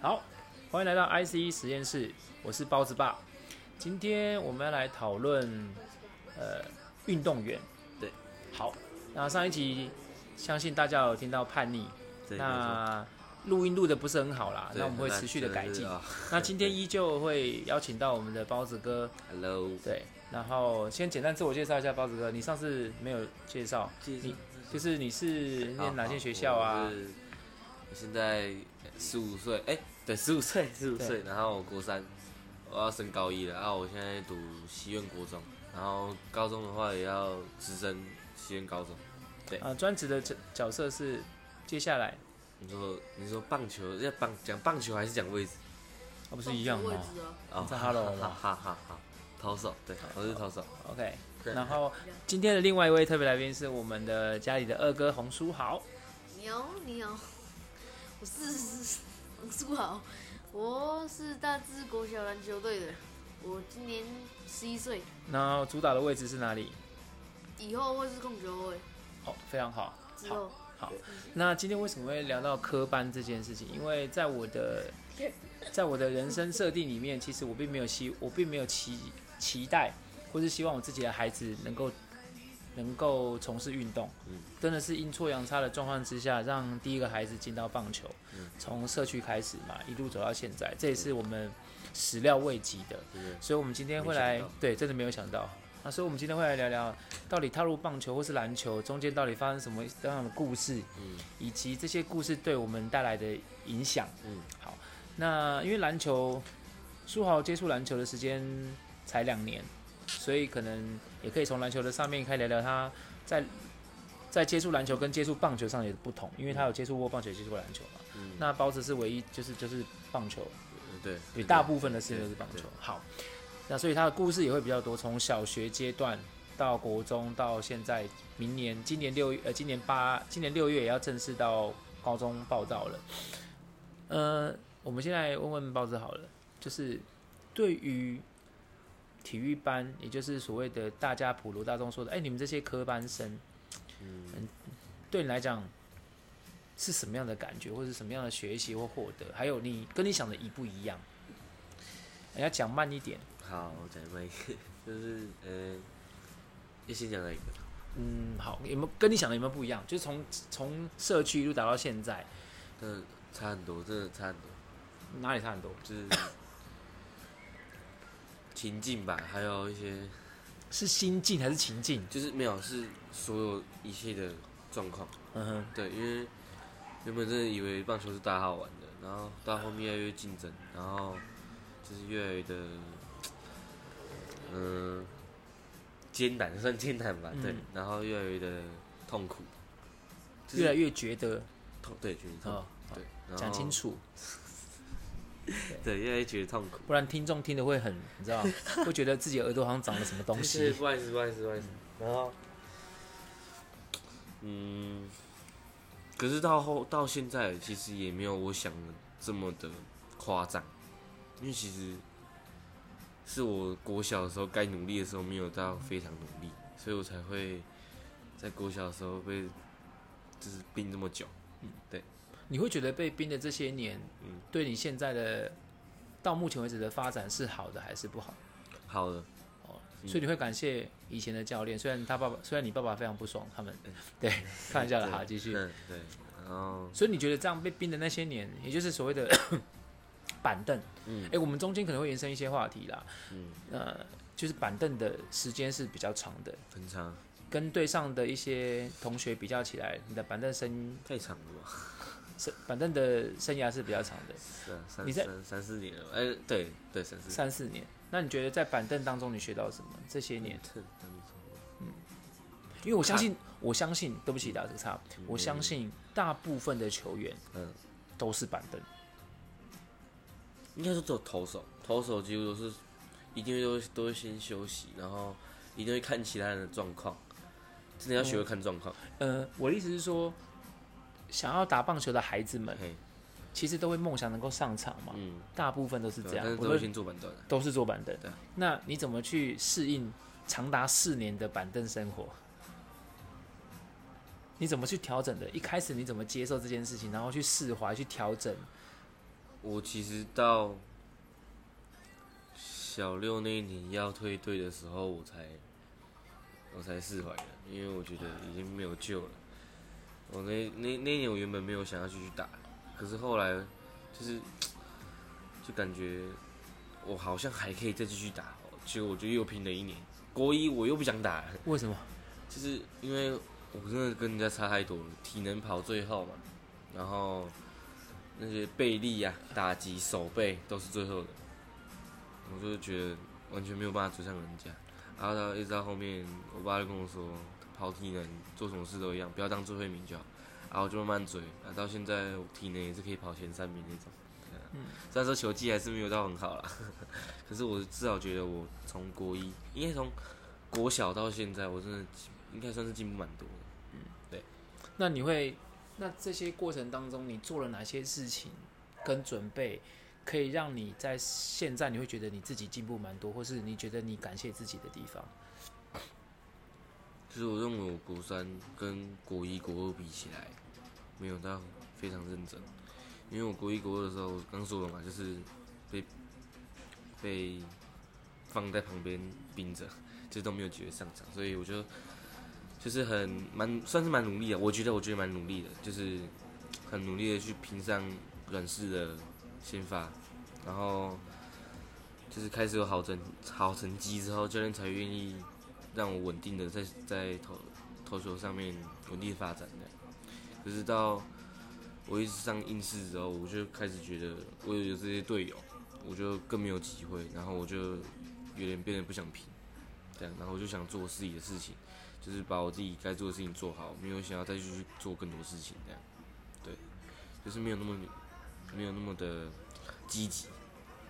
好，歡迎來到 IC 實驗室，我是包子爸。今天我們要來討論，呃，運動員。對。好，那上一集相信大家有聽到叛逆，那錄音錄的不是很好啦，那我們會持續的改進。那今天依舊會邀請到我們的包子哥。Hello。對，然後先簡單自我介紹一下包子哥，你上次沒有介紹，你就是你是念哪些學校啊？我現在。十五歲，哎、欸，對，十五歲，十五歲，對然後我國三，我要升高一了，然後我現在讀西苑國中，然後高中的話也要直升西苑高中。對，啊，專職的角角色是接下來。你說，你說棒球，要棒講棒球還是講位置？那、哦、不是一樣嗎、哦哦啊？啊，這哈嘍，哈哈哈哈，投手，對，我是投手。OK，對然後、嗯、今天的另外一位特別來賓是我們的家裡的二哥洪書豪。牛牛。我是我是，我是大智國小籃球隊的，我今年十一歲。那主打的位置是哪裡？以後會是控球位。哦，非常好。之後。好，好。那今天為什麼會聊到科班這件事情？因為在我的在我的人生設定裡面，其實我並沒有期，我並沒有期期待，或是希望我自己的孩子能夠。能夠從事運動，嗯、真的是陰錯陽差的狀況之下，讓第一個孩子進到棒球，從、嗯、社區開始嘛，一路走到現在，嗯、這也是我們始料未及的。嗯、所以，我們今天會來，對，真的沒有想到。那、啊、所以，我們今天會來聊聊，到底踏入棒球或是籃球中間到底發生什麼這樣的故事，嗯、以及這些故事對我們帶來的影響。嗯，好，那因為籃球，書豪接觸籃球的時間才兩年。所以可能也可以從籃球的上面可以聊聊他在在接觸籃球跟接觸棒球上也是不同，因為他有接觸過棒球，接觸過籃球嘛。嗯、那包子是唯一就是就是棒球，對對，對對大部分的事情就是棒球。好，那所以他的故事也會比較多，從小學階段到國中到現在，明年今年六月呃，今年八今年六月也要正式到高中報到了。呃，我們現在問問包子好了，就是對於。體育班，也就是所謂的大家普羅大眾說的，哎、欸，你們這些科班生，嗯，對你來講是什麼樣的感覺，或者是什麼樣的學習或獲得？還有你跟你想的一不一樣？你要講慢一點。好，再問，就是呃、欸，先講哪一個？嗯，好，有沒有跟你想的有沒有不一樣？就是從從社區一路打到現在，嗯，差很多，真的差很多。哪裡差很多？就是。情境吧，還有一些是心境還是情境，就是沒有是所有一切的狀況。嗯哼，對，因為原本真的以為棒球是大家好玩的，然後到後面越來越競爭，嗯、然後就是越來越的，嗯、呃，艱難算艱難吧，嗯、對，然後越來越的痛苦，就是、越來越覺得痛，對，覺得痛，哦、對，講清楚。對，因為覺得痛苦，不然聽眾聽的會很，你知道 會覺得自己耳朵好像長了什麼東西。是，不好意思，不好意思，不好意思。然後，嗯，可是到後到現在，其實也沒有我想的這麼的誇張，因為其實是我國小的時候該努力的時候沒有到非常努力，所以我才會在國小的時候被就是冰這麼久。嗯，對。你會覺得被冰的這些年，嗯，對你現在的？到目前為止的發展是好的還是不好？好的，嗯、所以你會感謝以前的教練，雖然他爸爸，雖然你爸爸非常不爽他們，欸、對，看一下了。哈對，繼續對，對，哦，所以你覺得這樣被冰的那些年，也就是所謂的 板凳，哎、嗯，欸，我們中間可能會延伸一些話題啦，嗯，呃，就是板凳的時間是比較長的，很長，跟隊上的一些同學比較起來，你的板凳生涯太長了吧。板凳的生涯是比較長的，是你在三四年了，哎、欸，對對，三三四年。那你覺得在板凳當中你學到了什麼？這些年？嗯、因為我相信，卡，我相信，對不起打這個叉，嗯嗯、我相信大部分的球員，嗯，都是板凳，應該是做投手，投手幾乎都是一定會都會都會先休息，然後一定會看其他人的狀況，真的要學會看狀況、哦。呃，我的意思是說。想要打棒球的孩子們，嘿其實都會夢想能夠上場嘛。嗯、大部分都是這樣，是啊、是都是坐板凳。都是坐板凳。那你怎麼去適應長達四年的板凳生活？你怎麼去調整的？一開始你怎麼接受這件事情，然後去釋懷、去調整？我其實到小六那一年要退隊的時候，我才我才釋懷了，因為我覺得已經沒有救了。我那那那一年我原本沒有想要繼續打，可是後來就是就感覺我好像還可以再繼續打喔，結果我就又拼了一年。國一我又不想打了，為什麼？就是因為我真的跟人家差太多了，體能跑最後嘛，然後那些背力啊、打擊、手背都是最後的，我就覺得完全沒有辦法追上人家。然後他一直到後面，我爸就跟我說。跑體能，做什麼事都一樣，不要當最後一名就好，然、啊、後就慢慢追、啊，到現在我體能也是可以跑前三名那種，啊、嗯，雖然說球技還是沒有到很好啦，呵呵，可是我至少覺得我從國一，應該從國小到現在，我真的應該算是進步蠻多的，嗯，對。那你會，那這些過程當中你做了哪些事情跟準備，可以讓你在現在你會覺得你自己進步蠻多，或是你覺得你感謝自己的地方？其實我認為我國三跟國一、國二比起來，沒有到非常認真。因為我國一、國二的時候，剛說的嘛，就是被被放在旁邊盯着，就是都沒有機會上場，所以我覺得就是很蠻算是蠻努力的。我覺得，我覺得蠻努力的，就是很努力的去拼上軟式的先發，然後就是開始有好成好成績之後，教練才願意。讓我穩定的在在投投球上面穩定的發展，的，可是到我一直上硬式之後，我就開始覺得，我有這些隊友，我就更沒有機會，然後我就有點變得不想拼，這樣，然後我就想做自己的事情，就是把我自己該做的事情做好，沒有想要再去做更多事情，這樣，對，就是沒有那麼沒有那麼的積極，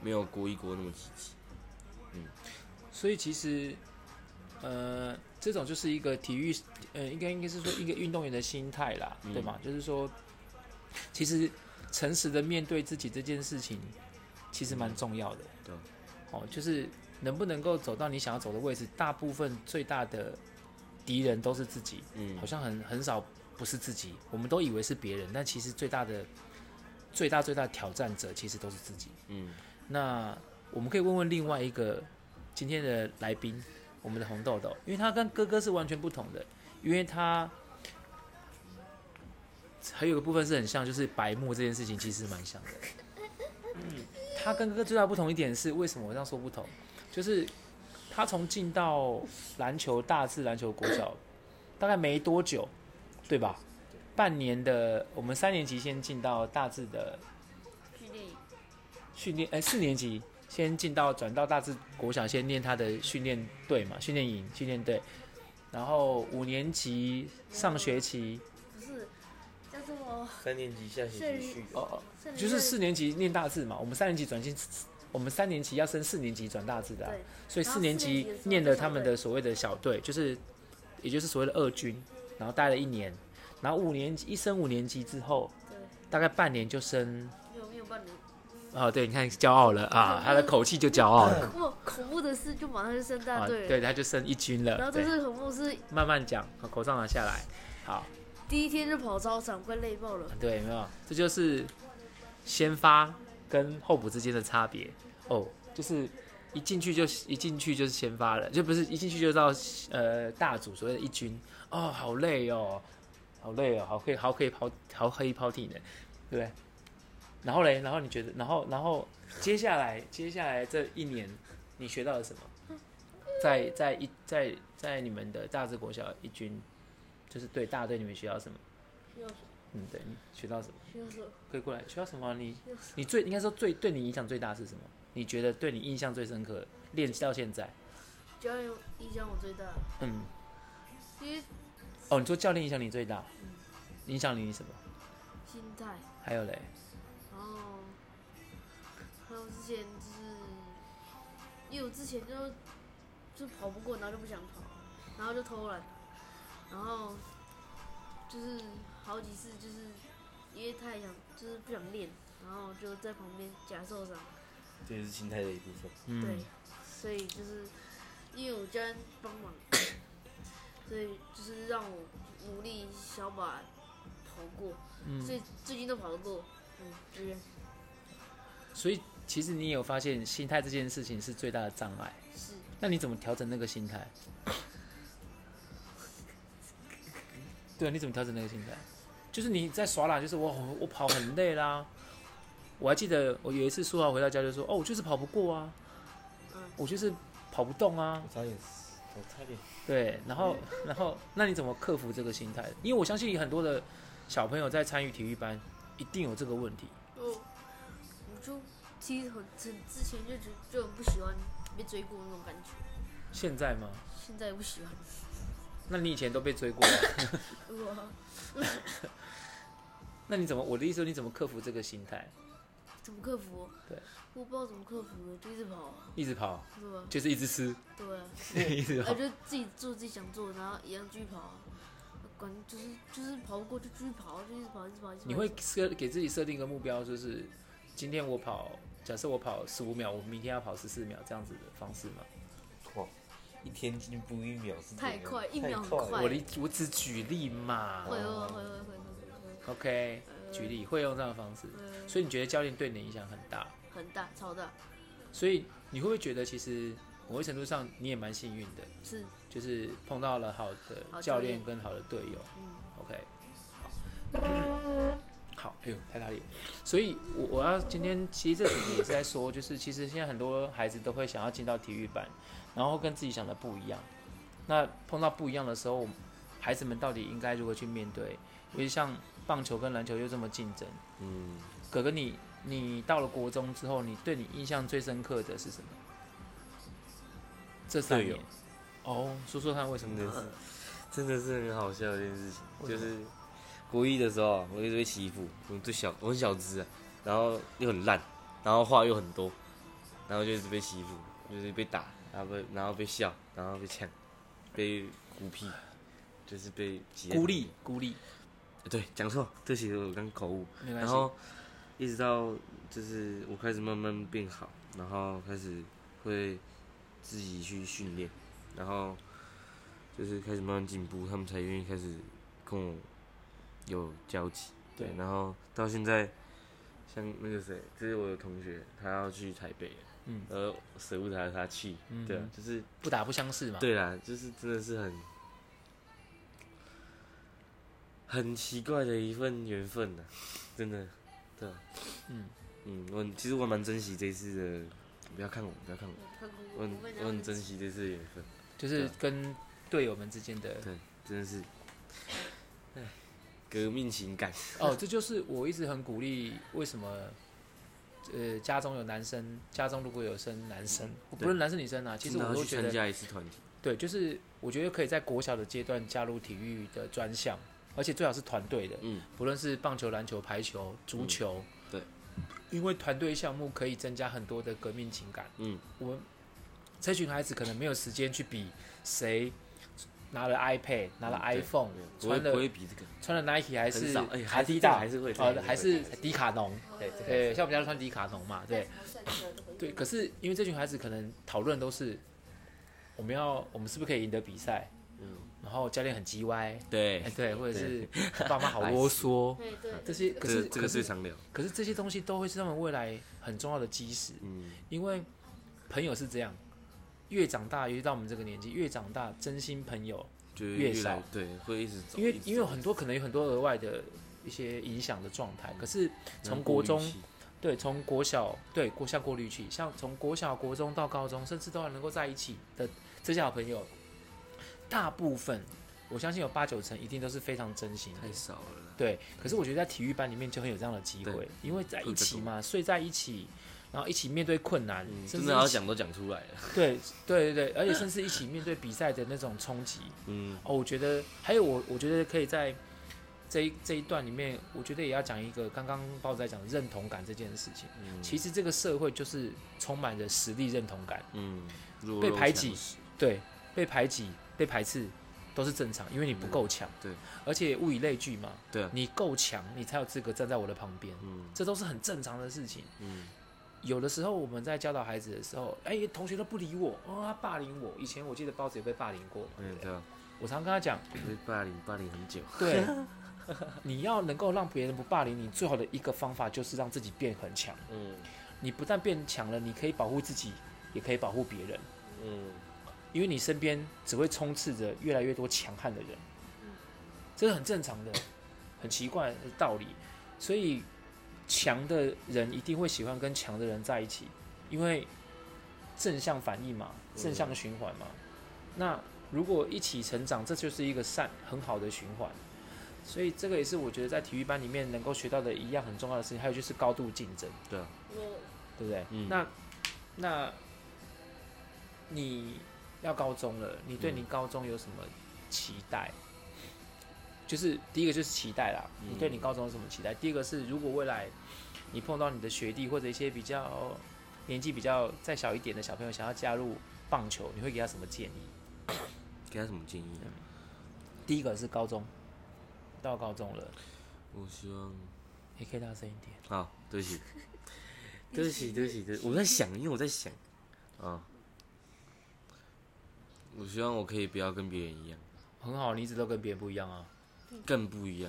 沒有國一國那麼積極，嗯，所以其實。呃，這種就是一個體育，呃，應該應該是說一個運動員的心態啦，嗯、對嗎？就是說，其實誠實的面對自己這件事情，其實蠻重要的。嗯、對，哦，就是能不能夠走到你想要走的位置，大部分最大的敵人都是自己。嗯，好像很很少不是自己，我們都以為是別人，但其實最大的、最大、最大挑戰者其實都是自己。嗯，那我們可以問問另外一個今天的來賓。我們的紅豆豆，因為他跟哥哥是完全不同的，因為他還有一個部分是很像，就是白目這件事情，其實蠻像的。 嗯，他跟哥哥最大不同一點是，為什麼我這樣說不同？就是他從進到籃球大智籃球國小， 大概沒多久，對吧？半年的，我們三年級先進到大智的訓練，訓練哎四年級。先進到轉到大智國小，先念他的訓練隊嘛，訓練營、訓練隊。然後五年級上學期、啊、不是叫什麼三年級下學期哦，哦，就是四年級念大智嘛。我們三年級轉進，我們三年級要升四年級轉大智的、啊，對所以四年級念了他們的所謂的小隊，小隊就是也就是所謂的二軍，然後待了一年，然後五年一升五年級之後，對大概半年就升，沒有沒有半年。哦，對，你看驕傲了啊，他，他的口氣就驕傲了。恐怖恐怖的事就馬上就升大對、啊、對，他就升一軍了。然後這是恐怖事慢慢講，口罩拿下來，好。第一天就跑操場，快累爆了。對，沒有，這就是先發跟候補之間的差別哦，就是一進去就一進去就是先發了，就不是一進去就到呃大組所謂的一軍哦，好累哦，好累哦，好可以好可以跑好可以跑體呢，對，對。然後嘞，然後你覺得，然後，然後接下來，接下來這一年，你學到了什麼？在在一在在你們的大致國小一軍，就是對大家對你們學到什麼？嗯，對，你學到什麼？需要可以過來，學到什麼？你你最你應該說最對你影響最大是什麼？你覺得對你印象最深刻，練習到現在，教練影響我最大。嗯，其實哦，你說教練影響你最大。嗯，影響你什麼？心態。還有嘞。我之前就是，因為我之前就就跑不過，然後就不想跑，然後就偷懶，然後就是好幾次就是因為太想就是不想練，然後就在旁邊假受傷。這也是心態的一部分。對，所以就是因為我家人幫忙，所以就是讓我努力小把跑過，所以最近都跑得過，嗯，所以。其實你也有發現，心態這件事情是最大的障礙。是。那你怎麼調整那個心態？ 嗯、對，你怎麼調整那個心態？就是你在耍懶，就是我我跑很累啦。 我還記得我有一次說好回到家就說：“哦，我就是跑不過啊，我就是跑不動啊。”我差點，我差點。對，然後然後那你怎麼克服這個心態？因為我相信很多的小朋友在參與體育班，一定有這個問題。其實很之之前就就就很不喜歡被追過那種感覺。現在嗎？現在不喜歡。那你以前都被追過。嗎。那你怎麼？我的意思說你怎麼克服這個心態？怎麼克服？對。我不知道怎麼克服，一直跑。一直跑。就是一直吃。對。一直跑。就自己做自己想做，然後一樣繼續跑。管就是就是跑不過就繼續跑，就一直跑一直跑一直跑。你會設給自己設定一個目標就是。今天我跑，假設我跑十五秒，我明天要跑十四秒，這樣子的方式嗎？哇，一天進步一秒太快，一秒很快。我我只舉例嘛。會會會會 OK，舉例、呃、會用這樣的方式。呃、所以你覺得教練對你的影響很大？很大，超大。所以你會不會覺得，其實某一程度上你也蠻幸運的？是，就是碰到了好的教練跟好的隊友。嗯、OK。太大力，所以我我要今天其實這裡也是在說，就是其實現在很多孩子都會想要進到體育班，然後跟自己想的不一樣。那碰到不一樣的時候，孩子們到底應該如何去面對？尤其像棒球跟籃球又這麼競爭。嗯，哥哥你，你你到了國中之後，你對你印象最深刻的是什麼？這三年。哦對，oh, 說說看，為什麼？真的是，真的是很好笑的一件事情，就是。國一的時候，我一直被欺負。我最小，我很小只啊，然後又很爛，然後話又很多，然後就一直被欺負，就是被打，然後被然後被笑，然後被嗆，被孤僻，就是被孤立。孤立。對，講錯，其實我剛口誤。然後一直到就是我開始慢慢變好，然後開始會自己去訓練，然後就是開始慢慢進步，他們才願意開始跟我。有交集，對，對，然後到現在，像那個誰，就是我的同學，他要去台北，嗯，然後舍不得他去，他氣嗯哼，對，就是不打不相識嘛，對啦，就是真的是很很奇怪的一份緣分吶，啊，真的，對，啊，嗯嗯，我其實我蠻珍惜這一次的，不要看我，不要看我，我很我很珍惜這次的緣分，就是跟隊友們之間的，對，真的是，哎。革命情感哦，這就是我一直很鼓勵。為什麼？呃，家中有男生，家中如果有生男生，嗯、不論男生女生啊，其實我都覺得，對，就是我覺得可以在國小的階段加入體育的專項，而且最好是團隊的，嗯、不論是棒球、籃球、排球、足球，嗯、對，因為團隊項目可以增加很多的革命情感。嗯，我們這群孩子可能沒有時間去比誰。拿了 iPad，拿了 iPhone，穿的穿的 Nike 還是還低檔，還是會穿的，還是迪卡儂，對對，像我們家都穿迪卡儂嘛，對對，可是因為這群孩子可能討論都是我們要我們是不是可以贏得比賽，嗯，然後教練很嘰歪，對對，或者是爸媽好囉嗦，對對，這些可是這個是常聊，可是這些東西都會是他們未來很重要的基石，嗯，因為朋友是這樣。越長大越到我們這個年紀，越長大真心朋友越就越少，對，會一直因為直因為很多可能有很多額外的一些影響的狀態。可是從國中對，從國小對國下過像過濾器，像從國小、國中到高中，甚至都還能夠在一起的這些好朋友，大部分我相信有八九成一定都是非常真心的，太少了。對，可是我覺得在體育班裡面就很有這樣的機會，對嗯，因為在一起嘛，睡在一起。然後一起面對困難，嗯、甚至真的好像講都講出來，對對對對，而且甚至一起面對比賽的那種衝擊。嗯，哦，我覺得還有我，我覺得可以在這一這一段裡面，我覺得也要講一個剛剛包子在講的認同感這件事情。嗯、其實這個社會就是充滿着實力認同感。嗯，落落被排擠，對，被排擠、被排斥都是正常，因為你不夠強。嗯、對，而且物以類聚嘛。對，你夠強，你才有資格站在我的旁邊。嗯，這都是很正常的事情。嗯。有的時候我們在教導孩子的時候，哎、欸，同學都不理我，哦，他霸凌我。以前我記得包子也被霸凌過，對對。錯我常跟他講，也被霸凌霸凌很久。 對，你要能夠讓別人不霸凌你，最好的一個方法就是讓自己變很強。嗯，你不但變強了，你可以保護自己，也可以保護別人。嗯，因為你身邊只會充斥着越來越多強悍的人，嗯、這是很正常的，很奇怪的道理，所以。強的人一定會喜歡跟強的人在一起，因為正向反應嘛，正向循環嘛。嗯、那如果一起成長，這就是一個善很好的循環。所以這個也是我覺得在體育班裡面能夠學到的一樣很重要的事情。還有就是高度競爭，對，對不對？嗯、那那你要高中了，你對你高中有什麼期待？嗯就是第一個就是期待啦，你對你高中有什麼期待？嗯、第二個是如果未來你碰到你的學弟或者一些比較年紀比較再小一點的小朋友想要加入棒球，你會給他什麼建議？給他什麼建議？第一個是高中到高中了，我希望你可以大聲一點。好、哦，對不起，對不起，對不起，對不起，我在想，因為我在想啊、哦，我希望我可以不要跟別人一樣。很好，你一直都跟別人不一樣啊。更不一樣，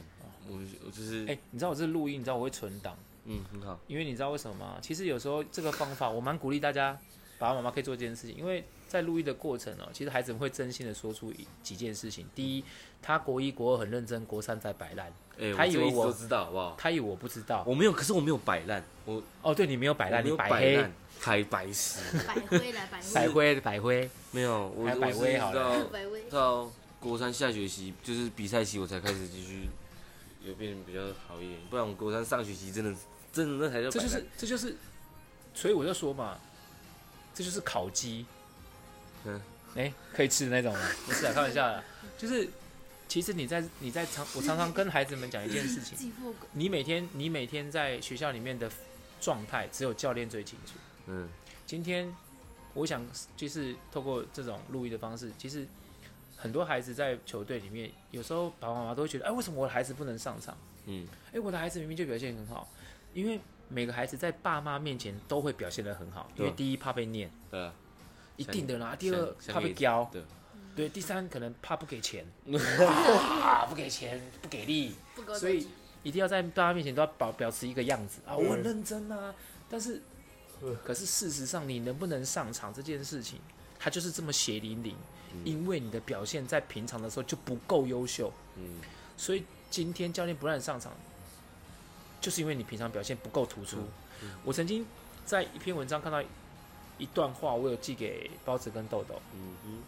我我就是哎、欸，你知道我這是錄音，你知道我會存檔，嗯，很好，因為你知道為什麼嗎？其實有時候這個方法我蠻鼓勵大家，爸爸媽媽可以做這件事情，因為在錄音的過程哦、喔，其實孩子們會真心的說出幾件事情。第一，他國一國二很認真，國三在擺爛，他、欸、以為我，我都知道好不好？他以為我不知道，我沒有，可是我沒有擺爛，我哦，對你沒有擺爛，你擺爛，擺白痴，擺灰了，擺灰，擺 是灰，灰沒有，還灰好了我我是一個，是哦。高三下學期就是比賽期，我才開始繼續有變比較好一點。不然我高三上學期真的真的那才叫這就是這就是，所以我就說嘛，這就是烤雞，嗯，哎，可以吃的那種，不是啊，開玩笑的，就是其實你在你在常我常常跟孩子們講一件事情，你每天你每天在學校裡面的狀態只有教練最清楚。嗯，今天我想就是透過這種錄音的方式，其實。很多孩子在球隊裡面，有時候爸爸媽媽都會覺得，哎，為什麼我的孩子不能上場？嗯，哎，我的孩子明明就表現很好，因為每個孩子在爸媽面前都會表現得很好，因為第一怕被念，對，一定的啦；第二怕被教，對，第三可能怕不給錢，啊，不給錢，不給力，所以一定要在大家面前都要表保持一個樣子啊，我很認真啊，但是，可是事實上，你能不能上場這件事情，它就是這麼血淋淋。因為你的表現，在平常的時候就不夠優秀，嗯，所以今天教練不讓你上場，就是因為你平常表現不夠突出。嗯嗯、我曾經在一篇文章看到一段話，我有寄給包子跟豆豆。嗯，嗯，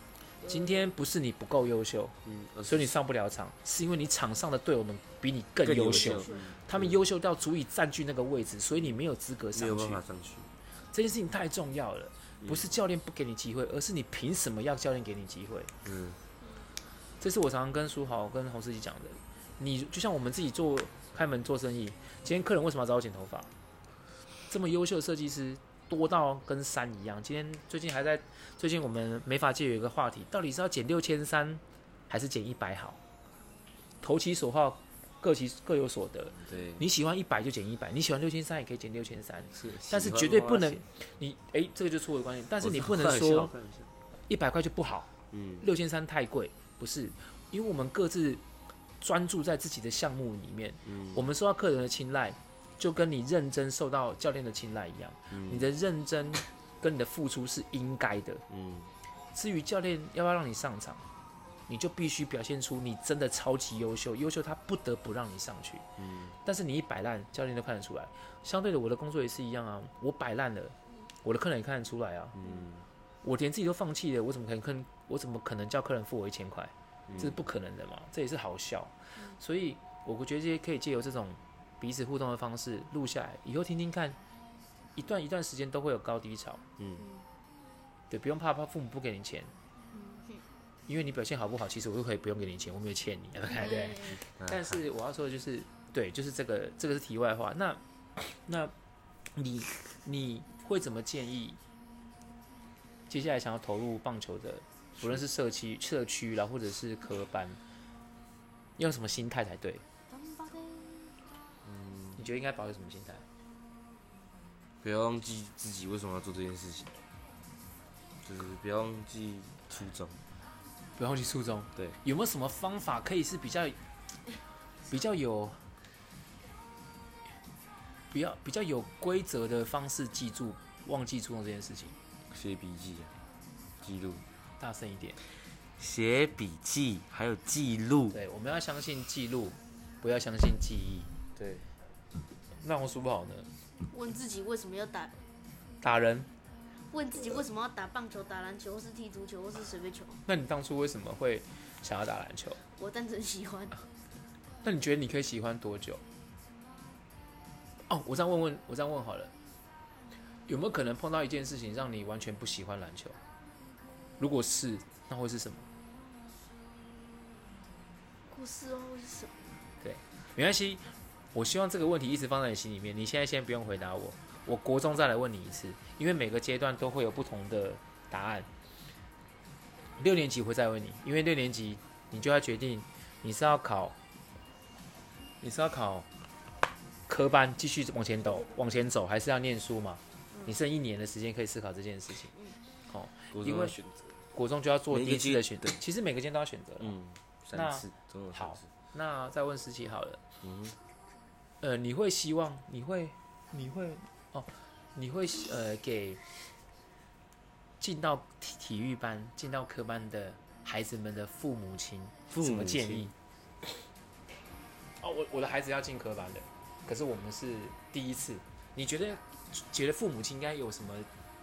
今天不是你不夠優秀，嗯，呃、所以你上不了場，是因為你場上的隊友們比你更優秀，嗯、他們優秀到足以佔據那個位置，所以你沒有資格上去，沒有辦法上去，這件事情太重要了。不是教練不給你機會，而是你憑什麼要教練給你機會？嗯，這是我常常跟書豪、跟洪世杰講的。你就像我們自己做開門做生意，今天客人為什麼要找我剪頭髮？這麼優秀的設計師多到跟山一樣。今天最近還在，最近我們美髮界有一個話題，到底是要剪六千三還是剪一百好？投其所好，各其各有所得，對，你喜歡一百就減一百，你喜歡六千三也可以減六千三，是，但是絕對不能，歡你，誒，這個就錯的觀點。但是你不能說，一百塊就不好，嗯，六千三太貴，不是，因為我們各自專注在自己的項目裡面，嗯，我們受到客人的青睞，就跟你認真受到教練的青睞一樣，嗯，你的認真跟你的付出是應該的，嗯，至於教練要不要讓你上場。你就必須表現出你真的超級優秀，優秀他不得不讓你上去。嗯、但是你一擺爛，教練都看得出來。相對的，我的工作也是一樣啊，我擺爛了，我的客人也看得出來啊。嗯、我連自己都放棄了，我怎麼可能？我怎麼可能叫客人付我一千塊？嗯、這是不可能的嘛？這也是好笑。嗯、所以我覺得這些可以借由這種彼此互動的方式錄下來，以後聽聽看。一段一段時間都會有高低潮。嗯，對，不用怕，怕父母不給你錢。因為你表現好不好，其實我就可以不用給你錢，我沒有欠你，OK？Yeah. 對。但是我要說的就是，對，就是這個，這個是題外話。那那你你會怎麼建議接下來想要投入棒球的，不論是社區社區啦，或者是科班，用什麼心態才對？嗯，你覺得應該保有什麼心態，嗯？不要忘記自己為什麼要做這件事情，就是不要忘記初衷。不要去初衷，對，有沒有什麼方法可以是比較，比較有，比較比較有規則的方式記住忘記初衷這件事情？寫筆記、啊，記錄。大聲一點，寫筆記還有記錄。對，我們要相信記錄，不要相信記憶。對，那我說不好呢？問自己為什麼要打打人？問自己為什麼要打棒球，打籃球，或是踢足球，或是隨便球？那你當初為什麼會想要打籃球？我單純喜歡。那你覺得你可以喜歡多久？哦，我這樣問，問我這樣問好了，有沒有可能碰到一件事情讓你完全不喜歡籃球？如果是，那會是什麼？不是哦，會是什麼？對，沒關係。我希望這個問題一直放在你心裡面。你現在先不用回答我。我國中再來問你一次，因為每個階段都會有不同的答案。六年級會再問你，因為六年級你就要決定你是要考，你是要考科班繼續往前走，往前走，還是要念書嘛？你剩一年的時間可以思考這件事情。好，因為選擇國中就要做第一次的選擇，其實每個階段都要選擇。嗯，三次。好，那再問十七好了。嗯，呃，你會希望？你會？你會？哦，你會呃給進到體體育班，進到科班的孩子們的父母親父母的建議？哦，我我的孩子要進科班的，可是我們是第一次，你覺得覺得父母親應該有什麼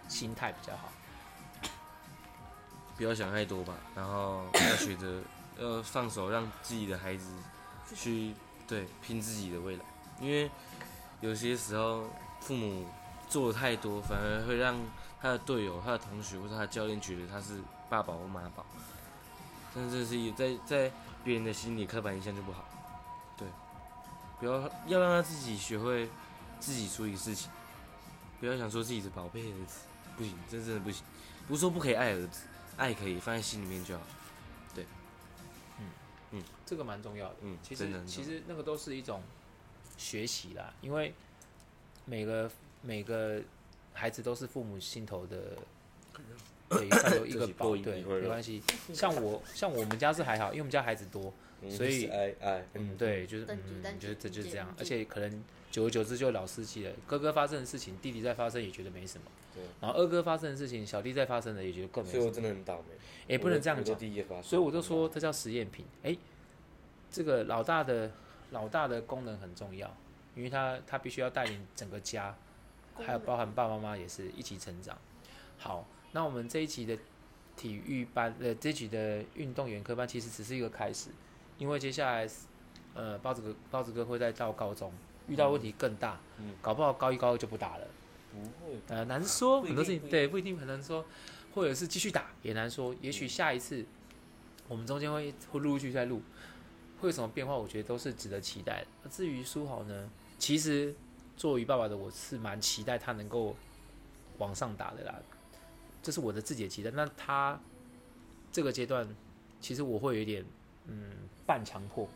心態比較好？不要想太多吧，然後要學着要放手，讓自己的孩子去對拼自己的未來，因為有些時候。父母做的太多，反而會讓他的隊友、他的同學或者他的教練覺得他是爸寶或媽寶，真的是一在在別人的心裡刻板印象就不好。對，不要要讓他自己學會自己處理事情，不要想說自己的寶貝兒子，不行，真的真的不行。不是說不可以愛兒子，愛可以放在心裡面就好。對，嗯嗯，這個蠻重要的。嗯，其實其實那個都是一種學習啦，因為。每個每個孩子都是父母心頭的，可能上頭一個寶，對，沒關係。像我，像我們家是還好，因為我們家孩子多，所以，哎，嗯，對，就是、嗯，就是，這就是這樣。而且可能久而久之就老司機了，哥哥發生的事情，弟弟再發生也覺得沒什麼。然後二哥發生的事情，小弟再發生的也覺得更沒什麼。所以我真的很倒霉。也不能這樣講。所以我就說，這叫實驗品。哎，這個老大的老大的功能很重要。因為他他必須要帶領整個家，還有包含爸爸媽媽也是一起成長。好，那我們這一期的體育班，呃這一期的運動員科班其實只是一個開始，因為接下來呃包子哥，包子哥會再到高中遇到問題更大，嗯，搞不好高一高二就不打了，不會，呃難說、啊、很多事情，對不一定很難說，或者是繼續打也難說，也許下一次、嗯、我們中間會會陸續再錄。會有什麼變化？我覺得都是值得期待。至於書豪呢，其實作為爸爸的我是蠻期待他能夠往上打的啦，這是我的自己的期待。那他這個階段，其實我會有一點嗯半強迫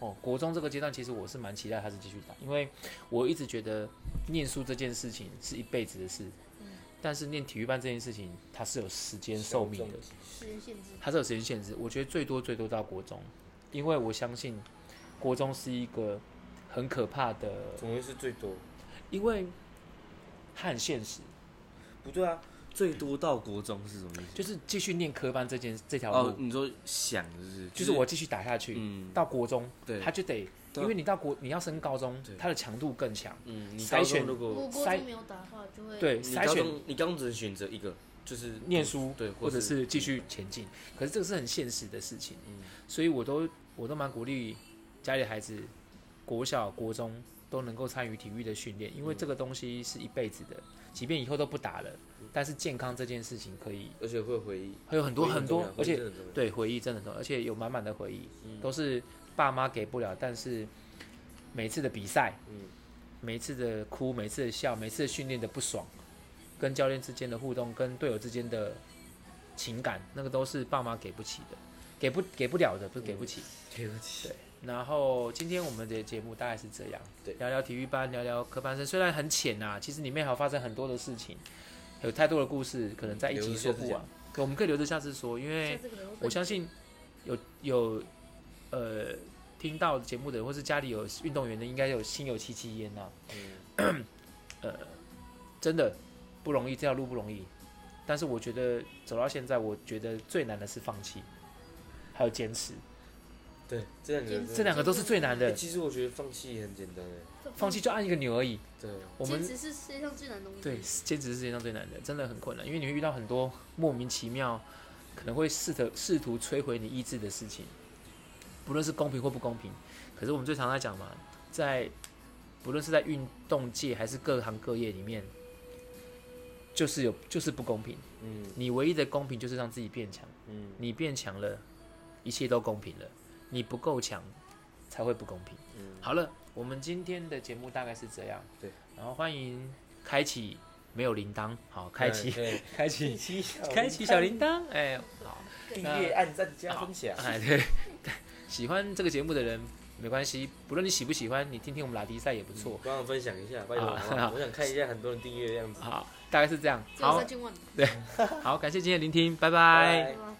哦。國中這個階段，其實我是蠻期待他是繼續打，因為我一直覺得念書這件事情是一輩子的事，嗯，但是念體育班這件事情，它是有時間壽命的，嗯、他它是有時間限制。我覺得最多最多到國中。因為我相信，國中是一個很可怕的。總歸是最多，因為很現實不對啊。最多到國中是什麼意思？就是繼續念科班這件這條路。哦，你說想就是就是我繼續打下去，嗯，到國中，對，他就得，因為你到國你要升高中，它的強度更強。嗯，你篩選如果國中沒有打的話就會對篩選，你高中只能選擇一個。就是念書，對，或者是繼續前進。可是這個是很現實的事情，嗯，所以我都，我都蠻鼓勵家裡的孩子，國小、國中都能夠參與體育的訓練，因為這個東西是一輩子的。即便以後都不打了，但是健康這件事情可以，而且會回憶，還有很多很多，而且對回憶真的很多，而且有滿滿的回憶，都是爸媽給不了，但是每次的比賽，嗯，每次的哭，每次的笑，每次訓練的不爽。跟教練之間的互動，跟隊友之間的情感，那個都是爸媽給不起的，給不給不了的，不是給不起，嗯、給不起。對。然後今天我們的節目大概是這樣，對，聊聊體育班，聊聊科班生，雖然很淺吶、啊，其實裡面還有發生很多的事情，有太多的故事，可能在一集說不完，可我們可以留着下次說，因為我相信有有呃聽到節目的人或是家裡有運動員的，應該有心有戚戚焉吶，嗯，呃，真的。不容易，這條路不容易。但是我覺得走到現在，我覺得最難的是放棄，還有堅持。對，這兩個這兩個都是最難的。其實我覺得放棄也很簡單，放棄就按一個鈕而已。對，我們，堅持是世界上最難的東西。對，堅持是世界上最難的，真的很困難。因為你會遇到很多莫名其妙，可能會試圖試圖摧毀你意志的事情，不論是公平或不公平。可是我們最常在講嘛，在不論是在運動界還是各行各業裡面。就是有，就是不公平。嗯，你唯一的公平就是讓自己變強。嗯，你變強了，一切都公平了。你不夠強，才會不公平。嗯，好了，我們今天的節目大概是這樣。對，然後歡迎開啟沒有鈴鐺，好，開啟，開啟，開啟小鈴鐺，哎，好，訂閱、按讚、加分享。哎，對，喜歡這個節目的人沒關係，不論你喜不喜歡，你聽聽我們拉迪賽也不錯。幫我分享一下，我想看一下很多人訂閱的樣子。好。大概是這樣，好，對，好，感謝今天的聆聽，拜拜。